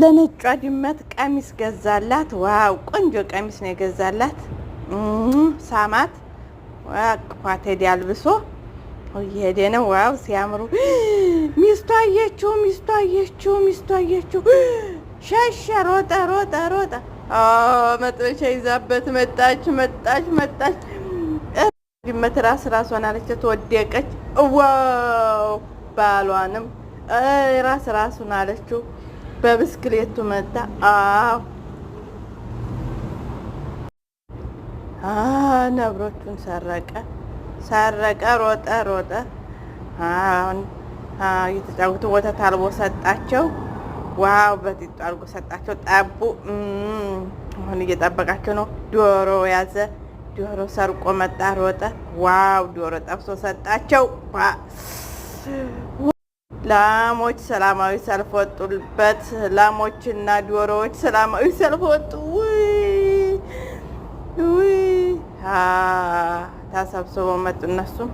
ለነጯ ድመት ቀሚስ ገዛላት። ዋው ቆንጆ ቀሚስ ነው የገዛላት። ሳማት ኳቴድ ያልብሶ እየሄደ ነው። ዋው ሲያምሩ! ሚስቱ አየችው፣ ሚስቱ አየችው፣ ሚስቱ አየችው። ሸሸ፣ ሮጠ፣ ሮጠ፣ ሮጠ። መጥበሻ ይዛበት መጣች፣ መጣች፣ መጣች። ድመት ራስ ራሷን አለች፣ ተወደቀች። ዋው ባሏንም ራስ ራሱን አለችው። በብስክሌቱ መጣ። አዎ ነብሮቹን ሰረቀ ሰረቀ፣ ሮጠ ሮጠ። አሁን ወተት አልቦ ሰጣቸው። ዋው በጢጦ አልጎ ሰጣቸው። ጠቡ አሁን እየጠበቃቸው ነው። ዶሮ ያዘ። ዶሮ ሰርቆ መጣ፣ ሮጠ። ዋው ዶሮ ጠብሶ ሰጣቸው። ላሞች ሰላማዊ ሰልፍ ወጡበት። ላሞችና ዶሮዎች ሰላማዊ ሰልፍ ወጡ። ተሰብስበው መጡ እነሱም